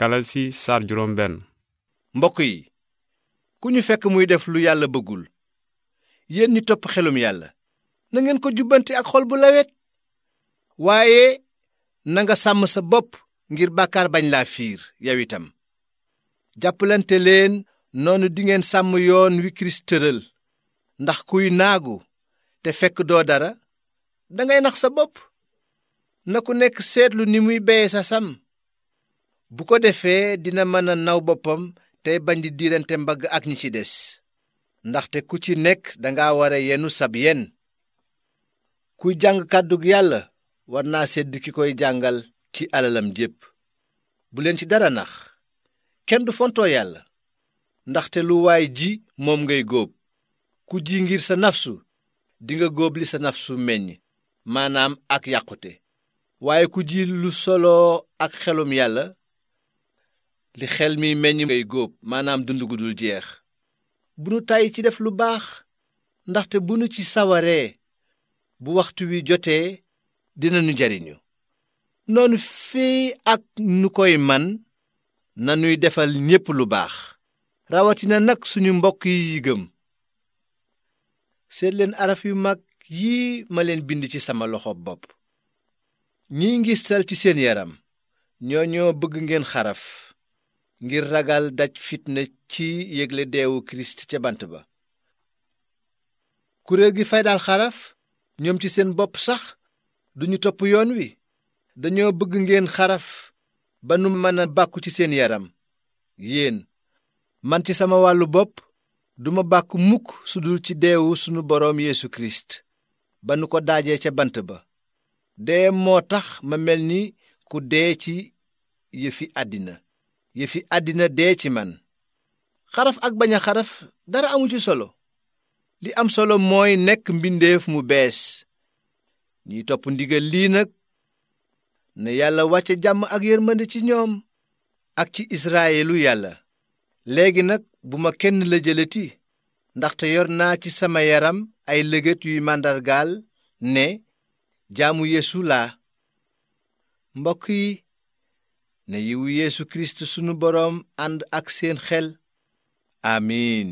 galasi sar juróom benn mbokk yi ku ñu fekk muy def lu yàlla bëggul yéen ñi topp xelum yàlla na ngeen ko jubbante ak xol bu lawet waaye nanga sàmm sa bopp ngir bàkkaar bañ laa fiir yow itam jàppalante leen noonu dingeen sàmm yoon wi kirist tëral ndax kuy naagu te fekk doo dara dangay nax sa bopp na ku nekk seetlu ni muy beye sa sàmm bu ko defee dina mën a naw boppam tey bañ di diirante mbagg ak ñi ci des ndaxte ku ci nekk danga wara yenu sab yen kuy jàng kàddug yàlla war naa sedd ki koy jàngal ci alalam jépp bu leen ci dara nax kenn du fontoo yàlla ndaxte lu waay ji moom ngay góob ku ji ngir sa nafsu dinga góob li sa nafsu meññ maanaam ak yàqute waaye ku ji lu soloo ak xelum yàlla li xel mi meññ ngay góob maanaam dund gu dul jeex bu nu tàyyi ci def lu baax ndaxte bu nu ci sawaree bu waxtu wi jotee dinañu jariñu noonu fii ak nu koy man na nanuy defal ñépp lu baax rawatina nag suñu mbokk yi gëm seet leen araf yu mag yii ma leen bind ci sama loxo bopp ñi ngi sal ci seen yaram ñoo ñoo bëgg ngeen xaraf ngir ragal daj fitna ci yégle deewu kirist ca bant ba kuréel gi faydal xaraf ñoom ci seen bopp sax duñu topp yoon wi dañoo bëgg ngeen xaraf ba nu mën a bàkku ci seen yaram yéen man ci sama wàllu bopp duma bàkku mukk su dul ci deewu sunu boroom yéesu kirist ba nu ko daajee ca bant ba dee moo tax ma mel ni ku dee ci yëfi àddina yëfi àddina dee ci man xaraf ak bañ a xaraf dara amu ci solo li am solo mooy nekk mbindeef mu bees ñiy topp ndigal lii nag ne yàlla wàcce jàmm ak yërmande ci ñoom ak ci israyelu yàlla léegi nag bu ma kenn la jëlati ndaxte yor naa ci sama yaram ay lëgët yuy màndargaal ne jaamu yéesu laa mbokk yi ne yiwu yéesu Kirist sunu boroom ànd ak seen xel amiin